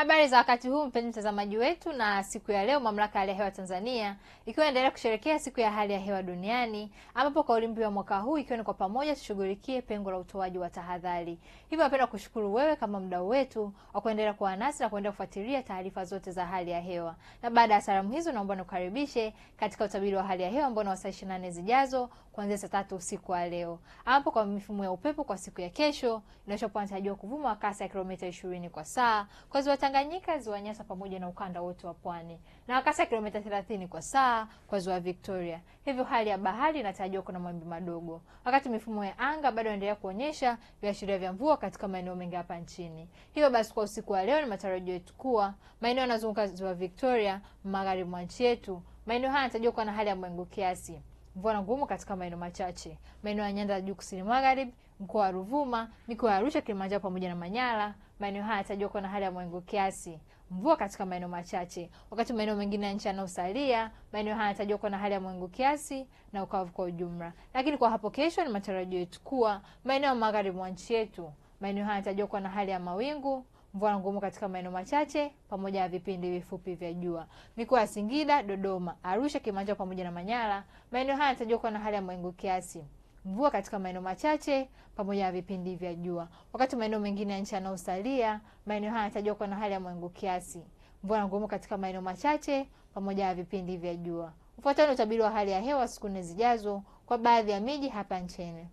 Habari za wakati huu mpenzi mtazamaji wetu, na siku ya leo mamlaka ya hali ya hewa Tanzania ikiwa inaendelea kusherekea siku ya hali ya hewa duniani, ambapo kauli mbiu ya mwaka huu ikiwa ni kwa pamoja tushughulikie pengo la utoaji wa tahadhari. Hivyo napenda kushukuru wewe kama mdau wetu wa kuendelea kuwa nasi na kuendelea kufuatilia taarifa zote za hali ya hewa, na baada ya salamu hizo, naomba nikukaribishe katika utabiri wa hali ya hewa ambao ni wa saa 24 zijazo kuanzia saa tatu usiku wa leo, ambapo kwa mifumo ya upepo kwa siku ya kesho inatarajiwa kuvuma kwa kasi ya kilomita 20 kwa saa kwa Tanganyika, ziwa Nyasa pamoja na ukanda wote wa pwani na ya kilomita 30 kwa saa kwa ziwa Victoria. Hivyo hali ya bahari inatarajiwa kuna mawimbi madogo, wakati mifumo ya anga bado inaendelea kuonyesha viashiria vya mvua katika maeneo mengi hapa nchini. Hivyo basi, kwa usiku wa leo ni matarajio yetu kuwa maeneo yanazunguka ziwa Victoria, magharibi mwa nchi yetu, maeneo haya yanatarajiwa kuwa na hali ya mawingu kiasi mvua ngumu katika maeneo machache: maeneo ya nyanda juu kusini magharibi, mkoa wa Ruvuma, mikoa ya Arusha, Kilimanjaro pamoja na Manyara. Maeneo haya yatajua kuwa na hali ya mawingu kiasi, mvua katika maeneo machache, wakati maeneo mengine ya nchi yanayosalia, maeneo haya yatajua kuwa na hali ya mawingu kiasi na ukavu kwa ujumla. Lakini kwa hapo kesho, ni matarajio yetu kuwa maeneo ya magharibi mwa nchi yetu, maeneo haya yatajua kuwa na hali ya mawingu mvua ngumu katika maeneo machache pamoja na vipindi vifupi vya jua. Mikoa ya Singida, Dodoma, Arusha, Kilimanjaro pamoja na Manyara, maeneo haya yanatarajiwa kuwa na hali ya mawingu kiasi mvua katika maeneo machache pamoja na vipindi vya jua. Wakati maeneo mengine ya nchi yanayosalia, maeneo haya yanatajwa kuwa na hali ya mawingu kiasi, mvua ngumu katika maeneo machache pamoja na vipindi vya jua. Ufuatao ni utabiri wa hali ya hewa siku nne zijazo kwa baadhi ya miji hapa nchini.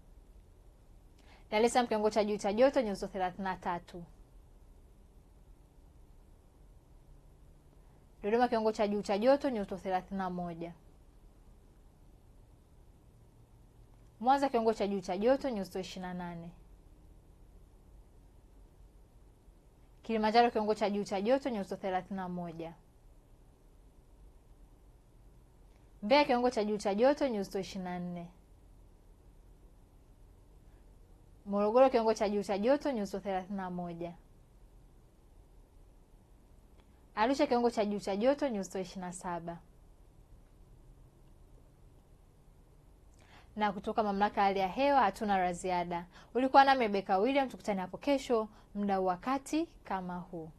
Dar es Salaam kiwango cha juu cha joto nyuzi tatu. Dodoma kiwango cha juu cha joto ni thelathini 31. moja. Mwanza kiwango cha juu cha joto ni ishirini 28. nane. Kilimanjaro kiwango cha juu cha joto ni thelathini na moja. Mbeya kiwango cha juu cha joto ni ishirini 24. nne. Morogoro kiwango cha juu cha joto ni thelathini na moja. Arusha kiwango cha juu cha joto nyuzi joto ishirini na saba. Na kutoka mamlaka ya hali ya hewa hatuna la ziada. Ulikuwa nami Rebecca William, tukutane hapo kesho muda wakati kama huu.